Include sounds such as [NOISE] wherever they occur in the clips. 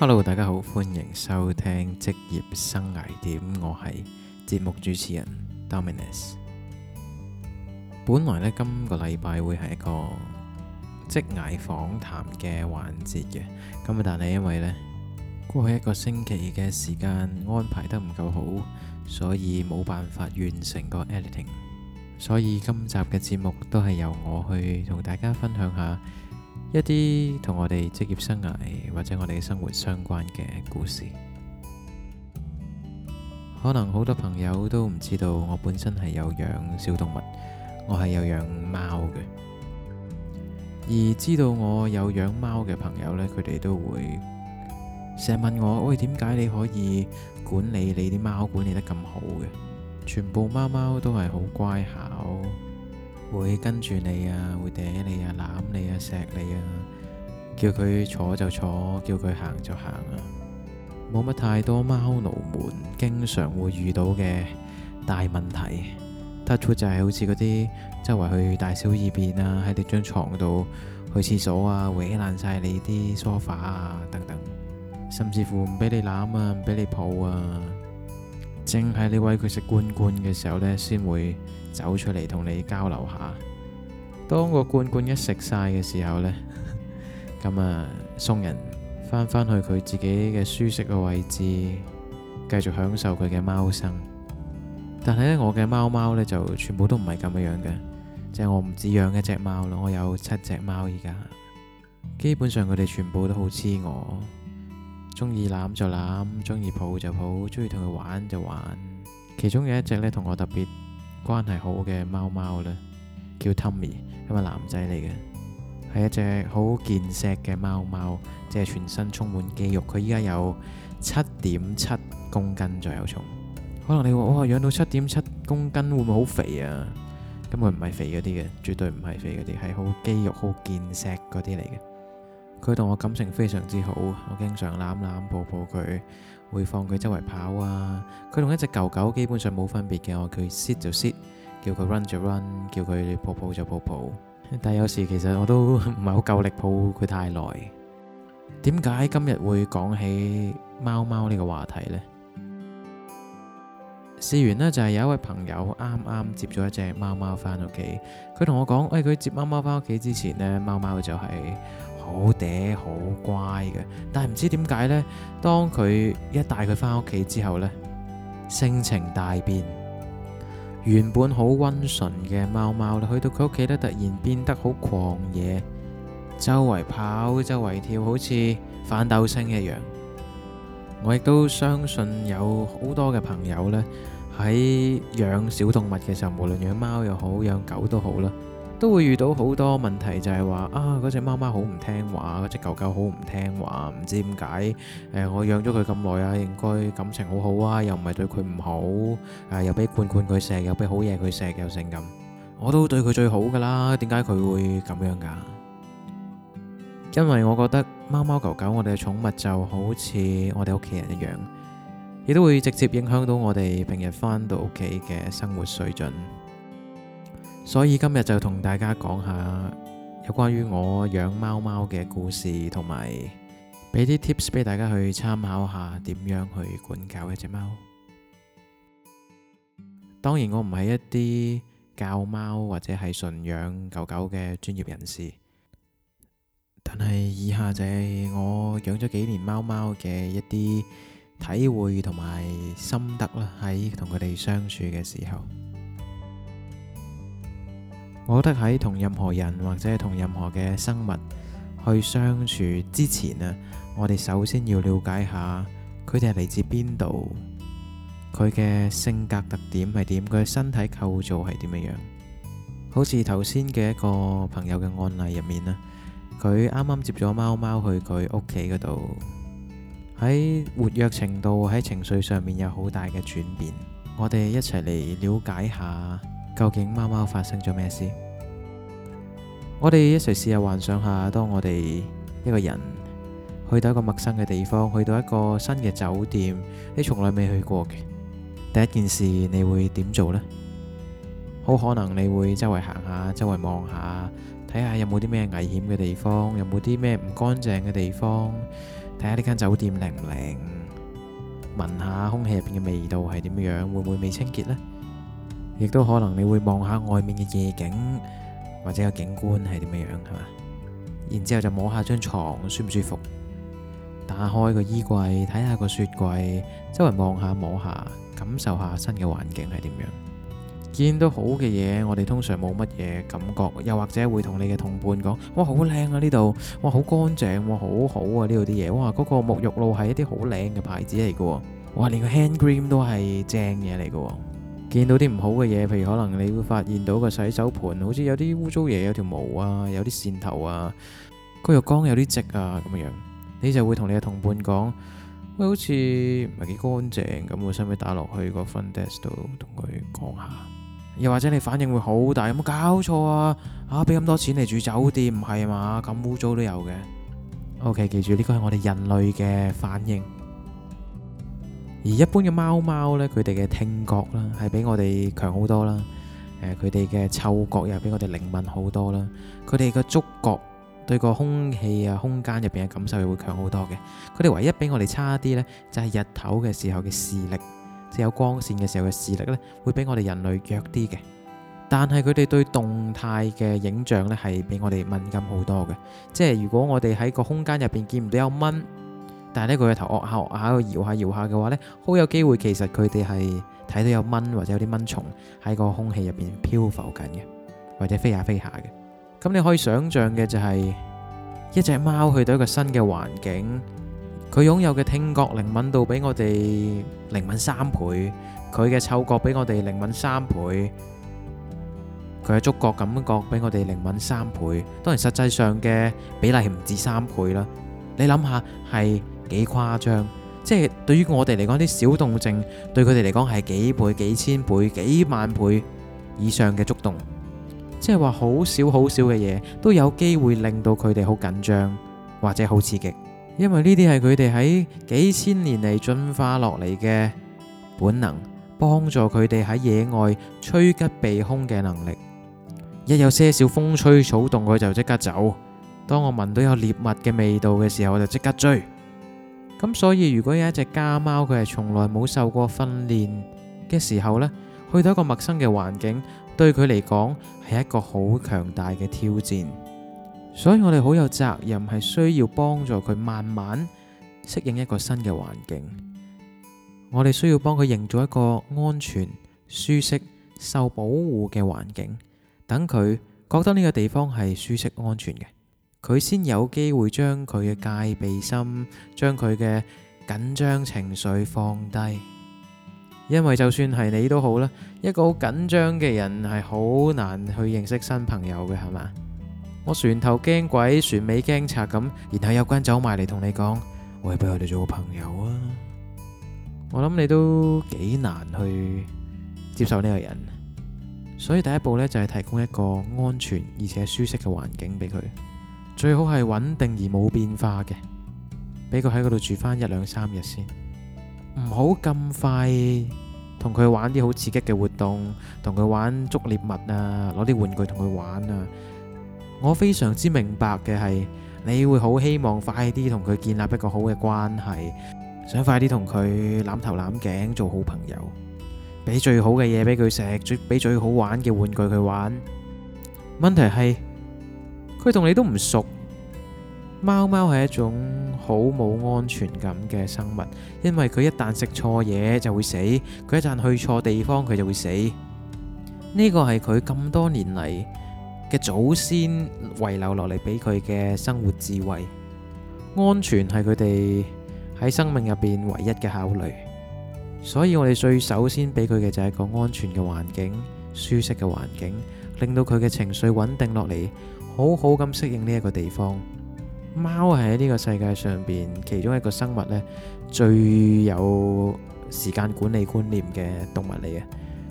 Hello，大家好，歡迎收聽職業生涯點，我係節目主持人 Dominus。本來呢，今個禮拜會係一個職涯訪談嘅環節嘅，咁但係因為呢，過去一個星期嘅時間安排得唔夠好，所以冇辦法完成個 editing，所以今集嘅節目都係由我去同大家分享下。一啲同我哋職業生涯或者我哋生活相關嘅故事，可能好多朋友都唔知道，我本身係有養小動物，我係有養貓嘅。而知道我有養貓嘅朋友呢，佢哋都會成日問我：喂，點解你可以管理你啲貓管理得咁好嘅？全部貓貓都係好乖巧。會跟住你啊，會嗲你啊，攬你啊，錫你啊，叫佢坐就坐，叫佢行就行啊，冇乜太多貓奴們經常會遇到嘅大問題，touch wood 就係好似嗰啲周圍去大小二便啊，喺你張床度去廁所啊，搲爛晒你啲梳化啊等等，甚至乎唔俾你攬啊，唔俾你抱啊。正係你餵佢食罐罐嘅時候呢，先會走出嚟同你交流下。當個罐罐一食晒嘅時候呢，咁啊 [LAUGHS] 送人返返去佢自己嘅舒適嘅位置，繼續享受佢嘅貓生。但係呢，我嘅貓貓呢，就全部都唔係咁樣樣嘅，即係我唔止養一隻貓咯，我有七隻貓依家，基本上佢哋全部都好黐我。中意攬就攬，中意抱就抱，中意同佢玩就玩。其中有一隻呢，同我特別關係好嘅貓貓呢，叫 Tommy，係咪男仔嚟嘅？係一隻好健碩嘅貓貓，即係全身充滿肌肉。佢依家有七點七公斤左右重。可能你話我、哦、養到七點七公斤會唔會好肥啊？根本唔係肥嗰啲嘅，絕對唔係肥嗰啲，係好肌肉、好健碩嗰啲嚟嘅。佢同我感情非常之好，我經常攬攬抱抱佢，會放佢周圍跑啊。佢同一隻狗狗基本上冇分別嘅，我叫佢 sit 就 sit，叫佢 run 就 run，叫佢抱抱就抱抱。但係有時其實我都唔係好夠力抱佢太耐。點解今日會講起貓貓呢個話題呢？試完呢，就係有一位朋友啱啱接咗一隻貓貓翻屋企，佢同我講：喂，佢接貓貓翻屋企之前呢，貓貓就係。好嗲好乖嘅，但係唔知點解呢？當佢一帶佢翻屋企之後呢，性情大變，原本好溫順嘅貓貓，去到佢屋企呢，突然變得好狂野，周圍跑，周圍跳，好似反斗星一樣。我亦都相信有好多嘅朋友呢，喺養小動物嘅時候，無論養貓又好，養狗都好啦。都會遇到好多問題，就是說，就係話啊，嗰隻貓貓好唔聽話，嗰隻狗狗好唔聽話，唔知點解？誒、呃，我養咗佢咁耐啊，應該感情好好啊，又唔係對佢唔好，誒、啊，又俾罐罐佢食，又俾好嘢佢食，又成咁，我都對佢最好噶啦，點解佢會咁樣噶？因為我覺得貓貓狗狗我哋嘅寵物就好似我哋屋企人一樣，亦都會直接影響到我哋平日翻到屋企嘅生活水準。所以今日就同大家講下有關於我養貓貓嘅故事，同埋俾啲 tips 俾大家去參考下點樣去管教一隻貓。當然我唔係一啲教貓或者係純養狗狗嘅專業人士，但係以下就係我養咗幾年貓貓嘅一啲體會同埋心得啦，喺同佢哋相處嘅時候。我覺得喺同任何人或者同任何嘅生物去相處之前啊，我哋首先要了解下佢哋係嚟自邊度，佢嘅性格特點係點，佢嘅身體構造係點樣。好似頭先嘅一個朋友嘅案例入面啦，佢啱啱接咗貓貓去佢屋企嗰度，喺活躍程度、喺情緒上面有好大嘅轉變。我哋一齊嚟了解下。究竟貓貓發生咗咩事？我哋一齊試下幻想下，當我哋一個人去到一個陌生嘅地方，去到一個新嘅酒店，你從來未去過嘅，第一件事你會點做呢？好可能你會周圍行下，周圍望下，睇下有冇啲咩危險嘅地方，有冇啲咩唔乾淨嘅地方，睇下呢間酒店靚唔靚，聞下空氣入邊嘅味道係點樣，會唔會未清潔呢？亦都可能你會望下外面嘅夜景，或者個景觀係點樣，係嘛？然之後就摸下張床，舒唔舒服？打開個衣櫃，睇下個雪櫃，周圍望下摸下，感受下新嘅環境係點樣。見到好嘅嘢，我哋通常冇乜嘢感覺，又或者會同你嘅同伴講、啊：哇，好靚啊呢度！哇，好乾淨，好好啊呢度啲嘢！哇，嗰個沐浴露係一啲好靚嘅牌子嚟嘅，哇，連個 hand cream 都係正嘢嚟嘅。見到啲唔好嘅嘢，譬如可能你會發現到個洗手盤好似有啲污糟嘢，有條毛啊，有啲線頭啊，個浴缸有啲積啊咁樣，你就會同你嘅同伴講：喂，好似唔係幾乾淨，咁我使唔使打落去個 front desk 度同佢講下？又或者你反應會好大，有冇搞錯啊？啊，俾咁多錢嚟住酒店，唔係嘛？咁污糟都有嘅。OK，記住呢個係我哋人類嘅反應。而一般嘅貓貓呢，佢哋嘅聽覺啦，係比我哋強好多啦。佢哋嘅嗅覺又比我哋靈敏好多啦。佢哋嘅觸覺對個空氣啊、空間入邊嘅感受又會強好多嘅。佢哋唯一比我哋差啲呢，就係日頭嘅時候嘅視力，即係有光線嘅時候嘅視力呢，會比我哋人類弱啲嘅。但係佢哋對動態嘅影像呢，係比我哋敏感好多嘅。即係如果我哋喺個空間入邊見唔到有蚊。但係呢，佢嘅頭惡下惡下，搖下搖下嘅話呢，好有機會。其實佢哋係睇到有蚊或者有啲蚊蟲喺個空氣入邊漂浮緊嘅，或者飛下飛下嘅。咁你可以想象嘅就係，一隻貓去到一個新嘅環境，佢擁有嘅聽覺靈敏度比我哋靈敏三倍，佢嘅嗅覺比我哋靈敏三倍，佢嘅觸覺感覺比我哋靈敏三倍。當然實際上嘅比例係唔止三倍啦。你諗下係，幾誇張，即係對於我哋嚟講，啲小動靜對佢哋嚟講係幾倍、幾千倍、幾萬倍以上嘅觸動，即係話好少好少嘅嘢都有機會令到佢哋好緊張或者好刺激，因為呢啲係佢哋喺幾千年嚟進化落嚟嘅本能，幫助佢哋喺野外趨吉避凶嘅能力。一有些少風吹草動，佢就即刻走。當我聞到有獵物嘅味道嘅時候，我就即刻追。咁所以，如果有一隻家貓，佢係從來冇受過訓練嘅時候呢，去到一個陌生嘅環境，對佢嚟講係一個好強大嘅挑戰。所以我哋好有責任係需要幫助佢慢慢適應一個新嘅環境。我哋需要幫佢營造一個安全、舒適、受保護嘅環境，等佢覺得呢個地方係舒適、安全嘅。佢先有機會將佢嘅戒備心，將佢嘅緊張情緒放低。因為就算係你都好啦，一個好緊張嘅人係好難去認識新朋友嘅，係嘛？我船頭驚鬼，船尾驚賊咁，然後有個人走埋嚟同你講，喂，不如我哋做個朋友啊？我諗你都幾難去接受呢個人，所以第一步呢，就係、是、提供一個安全而且舒適嘅環境俾佢。最好係穩定而冇變化嘅，俾佢喺嗰度住翻一兩三日先，唔好咁快同佢玩啲好刺激嘅活動，同佢玩捉獵物啊，攞啲玩具同佢玩啊。我非常之明白嘅係，你會好希望快啲同佢建立一個好嘅關係，想快啲同佢攬頭攬頸做好朋友，俾最好嘅嘢俾佢食，最俾最好玩嘅玩具佢玩。問題係。佢同你都唔熟，貓貓係一種好冇安全感嘅生物，因為佢一旦食錯嘢就會死，佢一旦去錯地方佢就會死。呢、這個係佢咁多年嚟嘅祖先遺留落嚟俾佢嘅生活智慧，安全係佢哋喺生命入邊唯一嘅考慮，所以我哋最首先俾佢嘅就係一個安全嘅環境、舒適嘅環境，令到佢嘅情緒穩定落嚟。好好咁適應呢一個地方。貓係喺呢個世界上邊其中一個生物咧最有時間管理觀念嘅動物嚟嘅。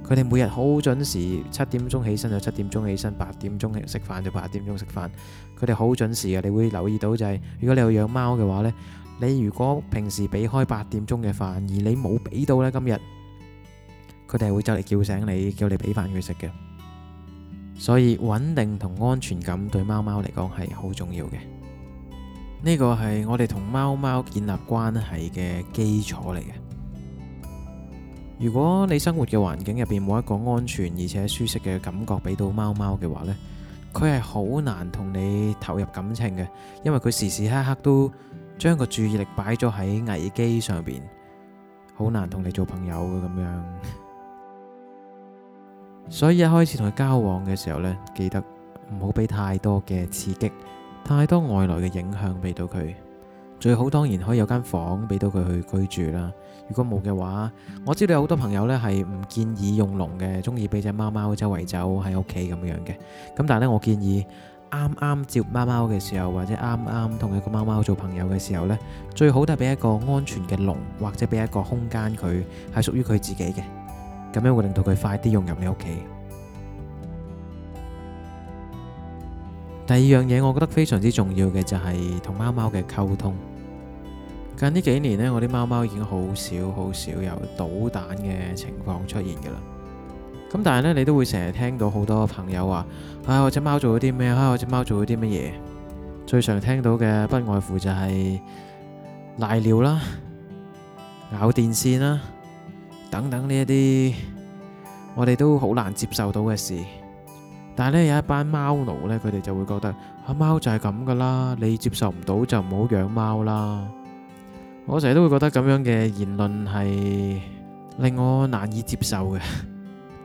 佢哋每日好準時，七點鐘起身就七點鐘起身，八點鐘食飯就八點鐘食飯。佢哋好準時呀，你會留意到就係，如果你有養貓嘅話咧，你如果平時俾開八點鐘嘅飯，而你冇俾到咧今日，佢哋會就嚟叫醒你，叫你俾飯佢食嘅。所以穩定同安全感對貓貓嚟講係好重要嘅，呢個係我哋同貓貓建立關係嘅基礎嚟嘅。如果你生活嘅環境入邊冇一個安全而且舒適嘅感覺俾到貓貓嘅話呢，佢係好難同你投入感情嘅，因為佢時時刻刻都將個注意力擺咗喺危機上邊，好難同你做朋友嘅咁樣。所以一開始同佢交往嘅時候呢，記得唔好俾太多嘅刺激，太多外來嘅影響俾到佢。最好當然可以有間房俾到佢去居住啦。如果冇嘅話，我知道有好多朋友呢係唔建議用籠嘅，中意俾隻貓貓周圍走喺屋企咁樣嘅。咁但係呢，我建議啱啱接貓貓嘅時候，或者啱啱同一個貓貓做朋友嘅時候呢，最好都係俾一個安全嘅籠，或者俾一個空間佢係屬於佢自己嘅。咁樣會令到佢快啲融入你屋企。第二樣嘢，我覺得非常之重要嘅就係同貓貓嘅溝通。近呢幾年呢，我啲貓貓已經好少好少有搗蛋嘅情況出現㗎啦。咁但係呢，你都會成日聽到好多朋友話：啊，我隻貓做咗啲咩啊？我隻貓做咗啲乜嘢？最常聽到嘅不外乎就係瀨尿啦、咬電線啦。等等呢一啲，我哋都好難接受到嘅事，但係呢，有一班貓奴呢，佢哋就會覺得啊，貓就係咁噶啦，你接受唔到就唔好養貓啦。我成日都會覺得咁樣嘅言論係令我難以接受嘅。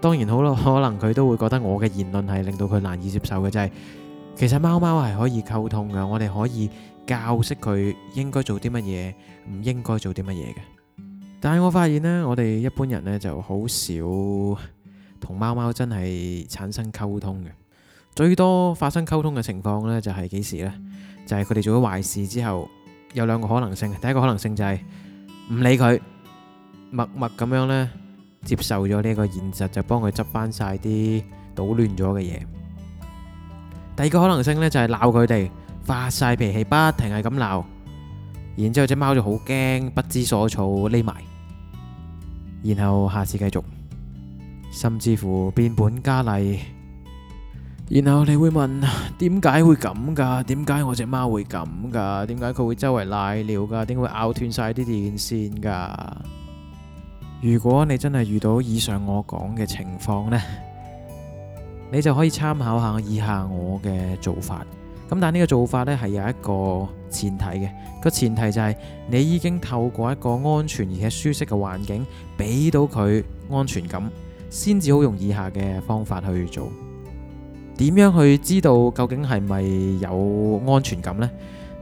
當然好啦，可能佢都會覺得我嘅言論係令到佢難以接受嘅，就係其實貓貓係可以溝通嘅，我哋可以教識佢應該做啲乜嘢，唔應該做啲乜嘢嘅。但係我發現呢，我哋一般人呢就好少同貓貓真係產生溝通嘅，最多發生溝通嘅情況呢就係幾時呢？就係佢哋做咗壞事之後，有兩個可能性嘅。第一個可能性就係唔理佢，默默咁樣呢接受咗呢個現實，就幫佢執翻晒啲搗亂咗嘅嘢。第二個可能性呢就係鬧佢哋，發晒脾氣，不停係咁鬧，然之後隻貓就好驚，不知所措，匿埋。然後下次繼續，甚至乎變本加厲。然後你會問：點解會咁噶？點解我隻貓會咁噶？點解佢會周圍瀨尿噶？點會咬斷晒啲電線噶？如果你真係遇到以上我講嘅情況呢，你就可以參考下以下我嘅做法。咁但呢個做法呢，係有一個前提嘅，個前提就係你已經透過一個安全而且舒適嘅環境，俾到佢安全感，先至好用以下嘅方法去做。點樣去知道究竟係咪有安全感呢？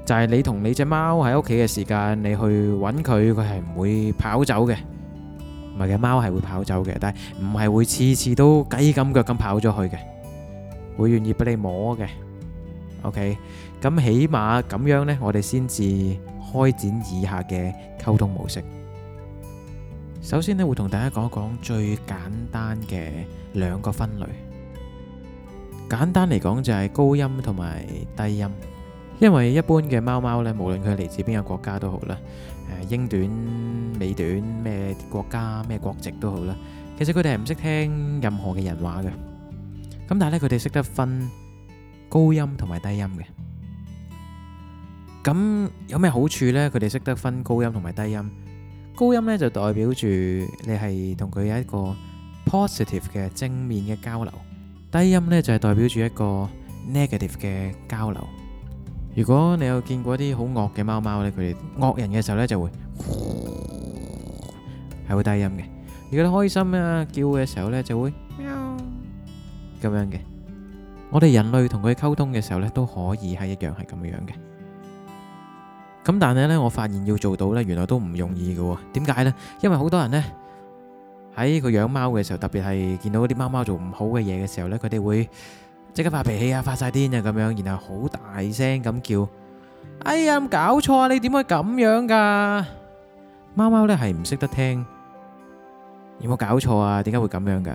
就係你同你隻貓喺屋企嘅時間，你去揾佢，佢係唔會跑走嘅。唔係嘅，貓係會跑走嘅，但係唔係會次次都雞咁腳咁跑咗去嘅，會願意俾你摸嘅。OK，咁起碼咁樣呢，我哋先至開展以下嘅溝通模式。首先呢，會同大家講一講最簡單嘅兩個分類。簡單嚟講就係高音同埋低音，因為一般嘅貓貓呢，無論佢嚟自邊個國家都好啦，誒，英短、美短咩國家咩國籍都好啦，其實佢哋係唔識聽任何嘅人話嘅。咁但係呢，佢哋識得分。高音同埋低音嘅，咁有咩好處呢？佢哋識得分高音同埋低音，高音呢就代表住你係同佢有一個 positive 嘅正面嘅交流，低音呢就係代表住一個 negative 嘅交流。如果你有見過啲好惡嘅貓貓呢，佢哋惡人嘅時候呢就會係會低音嘅，如果你開心啊叫嘅時候呢就會喵咁樣嘅。我哋人類同佢溝通嘅時候咧，都可以係一樣係咁樣嘅。咁但係咧，我發現要做到咧，原來都唔容易嘅。點解咧？因為好多人咧喺佢養貓嘅時候，特別係見到啲貓貓做唔好嘅嘢嘅時候咧，佢哋會即刻發脾氣啊，發晒癲啊咁樣，然後好大聲咁叫。哎呀，搞錯啊！你點會咁樣噶？貓貓咧係唔識得聽，有冇搞錯啊？點解會咁樣噶？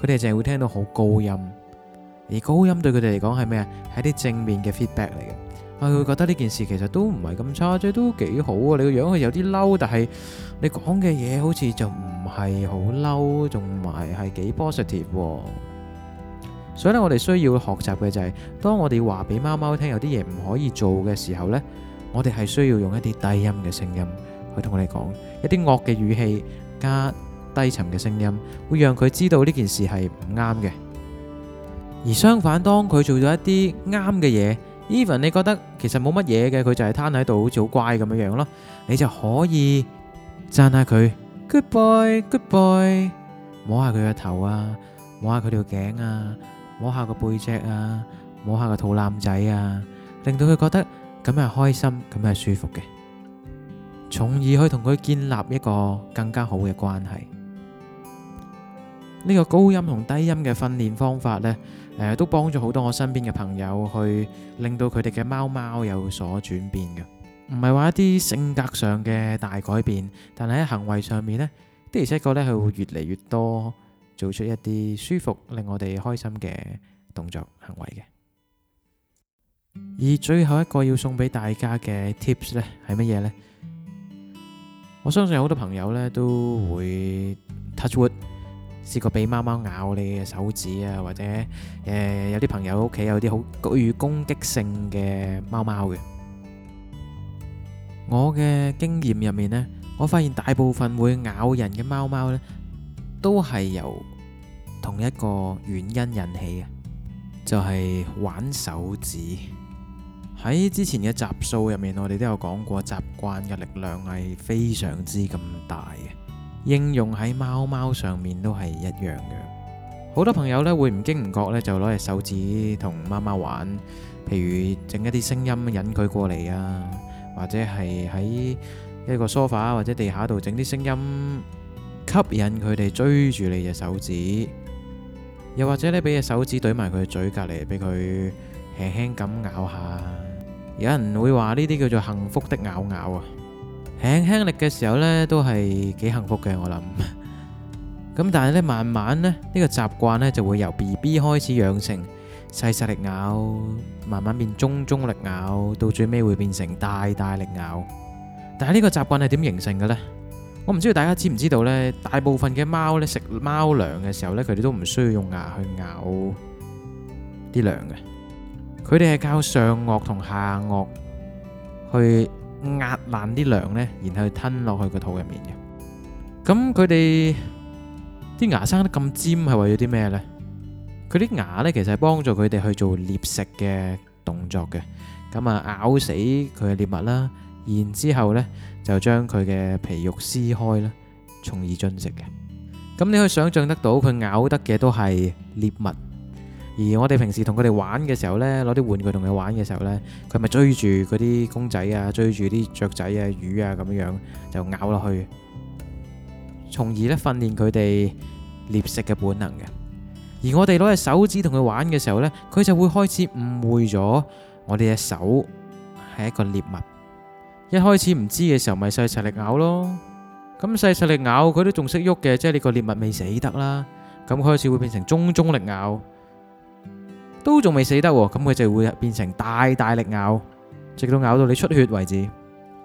佢哋淨係會聽到好高音。而高音對佢哋嚟講係咩啊？係啲正面嘅 feedback 嚟嘅，佢、哎、會覺得呢件事其實都唔係咁差，即都幾好啊！你個樣係有啲嬲，但係你講嘅嘢好似就唔係好嬲，仲埋係幾 positive。所以咧，我哋需要學習嘅就係、是，當我哋話俾貓貓聽有啲嘢唔可以做嘅時候呢，我哋係需要用一啲低音嘅聲音去同佢哋講，一啲惡嘅語氣加低沉嘅聲音，會讓佢知道呢件事係唔啱嘅。而相反，當佢做咗一啲啱嘅嘢，even 你覺得其實冇乜嘢嘅，佢就係攤喺度好似好乖咁樣樣咯，你就可以讚下佢，good boy，good boy，摸下佢個頭啊，摸下佢條頸啊，摸下個背脊啊，摸下個肚腩仔啊，令到佢覺得咁係開心，咁係舒服嘅，從而可以同佢建立一個更加好嘅關係。呢個高音同低音嘅訓練方法呢。誒，都幫咗好多我身邊嘅朋友去令到佢哋嘅貓貓有所轉變嘅，唔係話一啲性格上嘅大改變，但係喺行為上面呢，的而且確呢，佢 [MUSIC] 會越嚟越多做出一啲舒服令我哋開心嘅動作行為嘅。而最後一個要送俾大家嘅 tips 呢係乜嘢呢？我相信好多朋友呢都會 touch wood。試過俾貓貓咬你嘅手指啊，或者誒有啲朋友屋企有啲好具攻擊性嘅貓貓嘅。我嘅經驗入面咧，我發現大部分會咬人嘅貓貓咧，都係由同一個原因引起嘅，就係玩手指。喺之前嘅集數入面，我哋都有講過習慣嘅力量係非常之咁大嘅。應用喺貓貓上面都係一樣嘅，好多朋友呢會唔經唔覺呢就攞隻手指同貓貓玩，譬如整一啲聲音引佢過嚟啊，或者係喺一個梳化或者地下度整啲聲音吸引佢哋追住你隻手指，又或者呢俾隻手指懟埋佢嘴隔籬，俾佢輕輕咁咬下，有人會話呢啲叫做幸福的咬咬啊。輕輕力嘅時候呢，都係幾幸福嘅我諗。咁但係呢，慢慢呢呢個習慣呢就會由 BB 開始養成，細細力咬，慢慢變中中力咬，到最尾會變成大大力咬。但係呢個習慣係點形成嘅呢？我唔知道大家知唔知道呢？大部分嘅貓呢食貓糧嘅時候呢，佢哋都唔需要用牙去咬啲糧嘅，佢哋係靠上顎同下顎去。壓爛啲糧呢，然後吞落去個肚入面嘅。咁佢哋啲牙生得咁尖，係為咗啲咩呢？佢啲牙呢，其實係幫助佢哋去做獵食嘅動作嘅。咁啊，咬死佢嘅獵物啦，然之後呢就將佢嘅皮肉撕開啦，從而進食嘅。咁你可以想象得到，佢咬得嘅都係獵物。而我哋平時同佢哋玩嘅時候呢，攞啲玩具同佢玩嘅時候呢，佢咪追住嗰啲公仔啊，追住啲雀仔啊、魚啊咁樣樣就咬落去，從而呢訓練佢哋獵食嘅本能嘅。而我哋攞隻手指同佢玩嘅時候呢，佢就會開始誤會咗我哋隻手係一個獵物。一開始唔知嘅時候咪細細力咬咯，咁細細力咬佢都仲識喐嘅，即係你個獵物未死得啦。咁佢開始會變成中中力咬。都仲未死得，咁佢就會變成大大力咬，直到咬到你出血為止。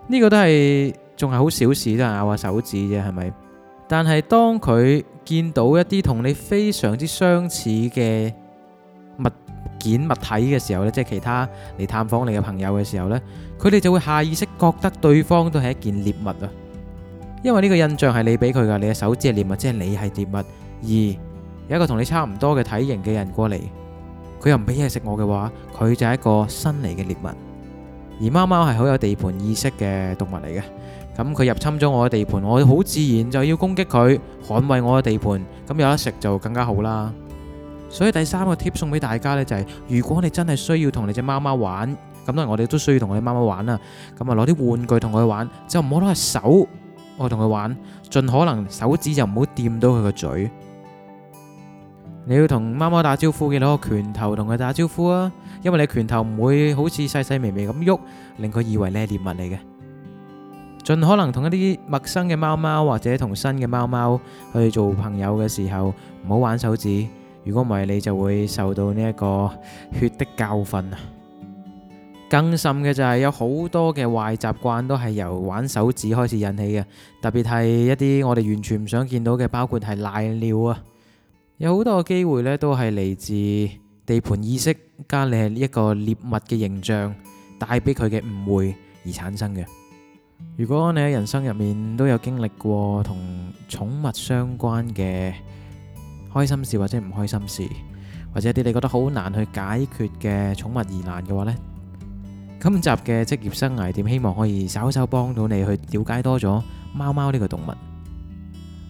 呢個都係仲係好小事啫，都係咬下手指啫，係咪？但係當佢見到一啲同你非常之相似嘅物件，物體嘅時候呢，即係其他嚟探訪你嘅朋友嘅時候呢，佢哋就會下意識覺得對方都係一件獵物啊，因為呢個印象係你俾佢噶，你嘅手指係獵物，即係你係獵物。二有一個同你差唔多嘅體型嘅人過嚟。佢又唔俾嘢食我嘅話，佢就係一個新嚟嘅獵物。而貓貓係好有地盤意識嘅動物嚟嘅，咁佢入侵咗我嘅地盤，我好自然就要攻擊佢，捍衛我嘅地盤。咁有得食就更加好啦。所以第三個貼送俾大家呢，就係、是、如果你真係需要同你隻貓貓玩，咁當然我哋都需要同我啲貓貓玩啦。咁啊攞啲玩具同佢玩，就唔好攞隻手去同佢玩，盡可能手指就唔好掂到佢個嘴。你要同貓貓打招呼嘅，攞個拳頭同佢打招呼啊，因為你拳頭唔會好似細細微微咁喐，令佢以為你係獵物嚟嘅。盡可能同一啲陌生嘅貓貓或者同新嘅貓貓去做朋友嘅時候，唔好玩手指。如果唔係，你就會受到呢一個血的教訓啊！更甚嘅就係有好多嘅壞習慣都係由玩手指開始引起嘅，特別係一啲我哋完全唔想見到嘅，包括係瀨尿啊。有好多機會呢都係嚟自地盤意識，加你係呢一個獵物嘅形象，帶俾佢嘅誤會而產生嘅。如果你喺人生入面都有經歷過同寵物相關嘅開心事或者唔開心事，或者一啲你覺得好難去解決嘅寵物疑難嘅話呢，今集嘅職業生涯點，希望可以稍稍幫到你去了解多咗貓貓呢個動物。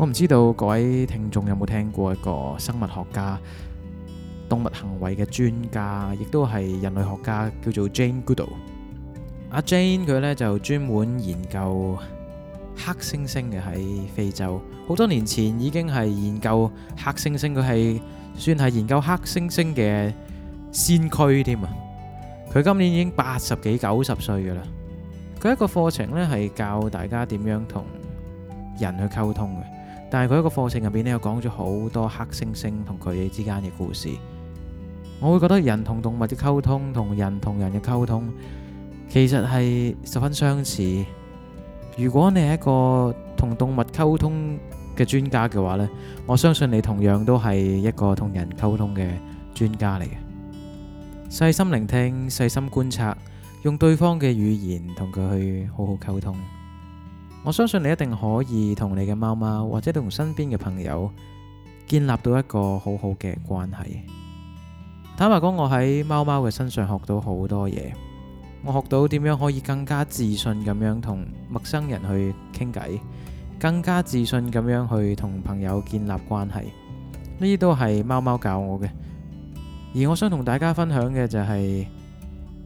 我唔知道各位聽眾有冇聽過一個生物學家、動物行為嘅專家，亦都係人類學家，叫做 Jane Goodall。阿 Jane 佢呢就專門研究黑猩猩嘅，喺非洲，好多年前已經係研究黑猩猩，佢係算係研究黑猩猩嘅先驅添啊！佢今年已經八十幾、九十歲噶啦。佢一個課程呢係教大家點樣同人去溝通嘅。但係佢一個課程入邊呢又講咗好多黑猩猩同佢哋之間嘅故事。我會覺得人同動物嘅溝通同人同人嘅溝通，其實係十分相似。如果你係一個同動物溝通嘅專家嘅話呢，我相信你同樣都係一個同人溝通嘅專家嚟嘅。細心聆聽，細心觀察，用對方嘅語言同佢去好好溝通。我相信你一定可以同你嘅貓貓或者同身邊嘅朋友建立到一個好好嘅關係。坦白講，我喺貓貓嘅身上學到好多嘢，我學到點樣可以更加自信咁樣同陌生人去傾偈，更加自信咁樣去同朋友建立關係。呢啲都係貓貓教我嘅。而我想同大家分享嘅就係，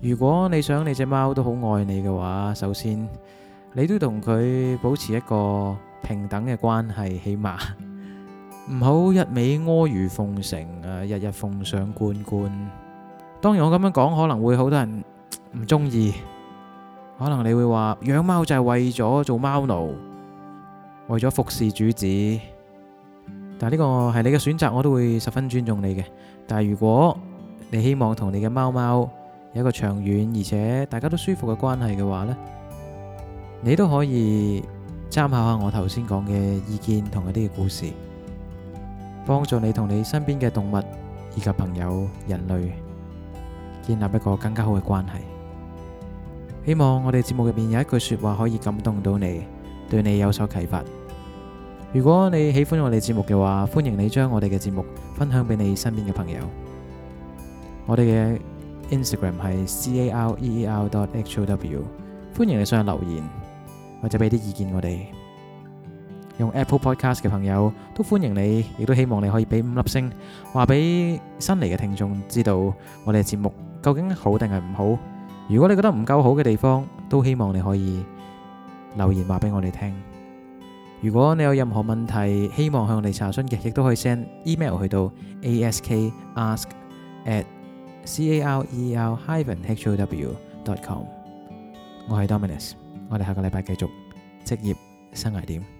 如果你想你隻貓都好愛你嘅話，首先。你都同佢保持一個平等嘅關係，起碼唔好一味阿諛奉承啊，日日奉上罐罐。當然我這，我咁樣講可能會好多人唔中意，可能你會話養貓就係為咗做貓奴，為咗服侍主子。但係呢個係你嘅選擇，我都會十分尊重你嘅。但係如果你希望同你嘅貓貓有一個長遠而且大家都舒服嘅關係嘅話呢。你都可以參考下我頭先講嘅意見同一啲嘅故事，幫助你同你身邊嘅動物以及朋友人類建立一個更加好嘅關係。希望我哋節目入邊有一句説話可以感動到你，對你有所啟發。如果你喜歡我哋節目嘅話，歡迎你將我哋嘅節目分享俾你身邊嘅朋友。我哋嘅 Instagram 係 Career.how，歡迎你上嚟留言。或者俾啲意見，我哋用 Apple Podcast 嘅朋友都歡迎你，亦都希望你可以俾五粒星，話俾新嚟嘅聽眾知道我哋嘅節目究竟好定係唔好。如果你覺得唔夠好嘅地方，都希望你可以留言話俾我哋聽。如果你有任何問題，希望向我哋查詢嘅，亦都可以 send email 去到 askask@career-how.com。我係 Dominus。我哋下個禮拜繼續職業生涯點。